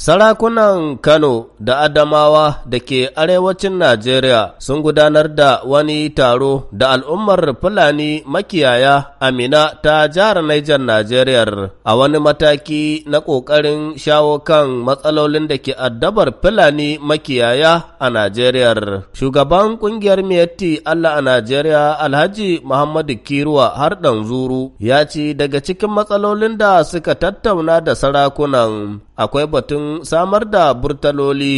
Sarakunan Kano da Adamawa da ke arewacin Najeriya sun gudanar da wani taro da al'ummar Fulani makiyaya Amina ta jihar Niger. Najeriya a wani mataki na ƙoƙarin shawo kan matsalolin da ke addabar Fulani makiyaya a Najeriya. Shugaban ƙungiyar Miyatti Allah a Najeriya Alhaji Muhammadu kiruwa har zuru ya ce daga cikin matsalolin da suka tattauna da sarakunan akwai batun samar da burtaloli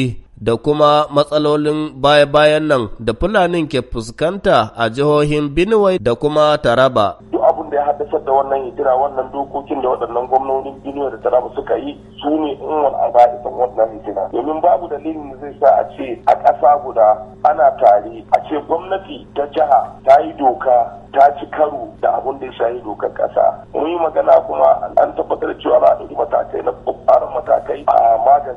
da kuma matsalolin baya-bayan nan da fulanin ke fuskanta a jihohin Benue da kuma Taraba. Duk abin da ya haddasa da wannan hijira wannan dokokin da waɗannan gwamnonin Benue da Taraba suka yi su ne in wani isan wannan hijira. Domin babu dalilin da zai sa a ce a ƙasa guda ana tare a ce gwamnati ta jiha ta yi doka ta ci karo da abin da ya shahi dokar ƙasa. Mun yi magana kuma an tabbatar cewa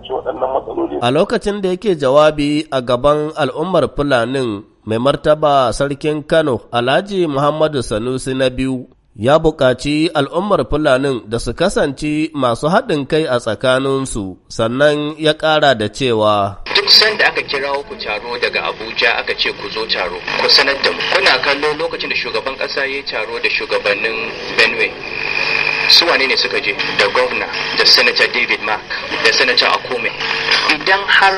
magance waɗannan matsaloli. A lokacin da yake jawabi a gaban al'ummar Fulanin mai martaba sarkin Kano Alhaji Muhammadu Sanusi na biyu ya buƙaci al'ummar Fulanin da su kasance masu haɗin kai a tsakaninsu sannan ya ƙara da cewa. Duk sanda aka kira ku taro daga Abuja aka ce ku zo taro, ku sanar da mu. Kuna kallo lokacin da shugaban ƙasa ya yi taro da shugabannin Benue. su wane ne suka je da gwamna da senator david mark da senator akume idan har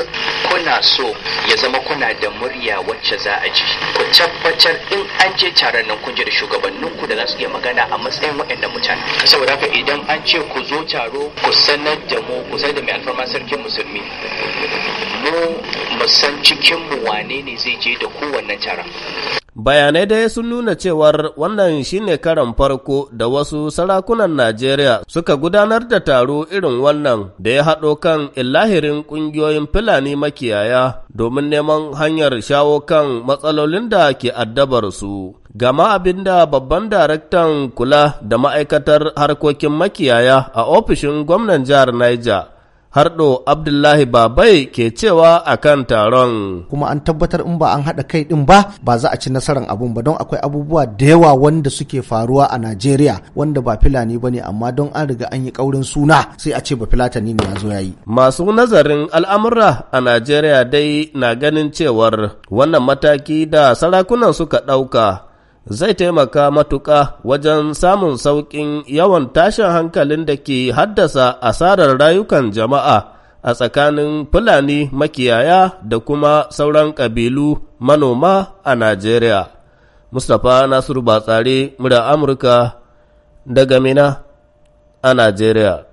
kuna so ya zama kuna da murya wacce za a ji ku tabbatar in an je taron nan kun je da shugabanninku da za su iya magana a matsayin waɗannan mutane saboda haka idan an ce ku zo taro ku sanar da mu ku sanar da mai alfarma sarkin musulmi mu mu san cikin mu wane ne zai je da kowanne taron Bayanai dai sun nuna cewar wannan shine karan farko da wasu sarakunan Najeriya suka gudanar da taro irin wannan da ya haɗo kan illahirin ƙungiyoyin Fulani makiyaya domin neman hanyar shawo kan matsalolin da ke addabar su. Gama abin da babban daraktan kula da ma'aikatar harkokin makiyaya a ofishin gwamnan jihar Niger. harɗo abdullahi babai ke cewa a kan taron kuma an tabbatar in ba an haɗa kai ɗin ba ba za a ci nasarar abun ba don akwai abubuwa da yawa wanda suke faruwa a najeriya wanda ba filani ba ne amma don an riga an yi ƙaurin suna sai a ce ba filatani ne ya zo ya yi masu nazarin al'amura a najeriya dai na ganin cewar wannan mataki da sarakunan suka ɗauka zai taimaka matuƙa wajen samun sauƙin yawan tashin hankalin da ke haddasa asarar rayukan jama'a a tsakanin Fulani makiyaya da kuma sauran ƙabilu manoma a Najeriya. Mustapha Nasiru Batsari, mura Amurka daga Mina a Najeriya.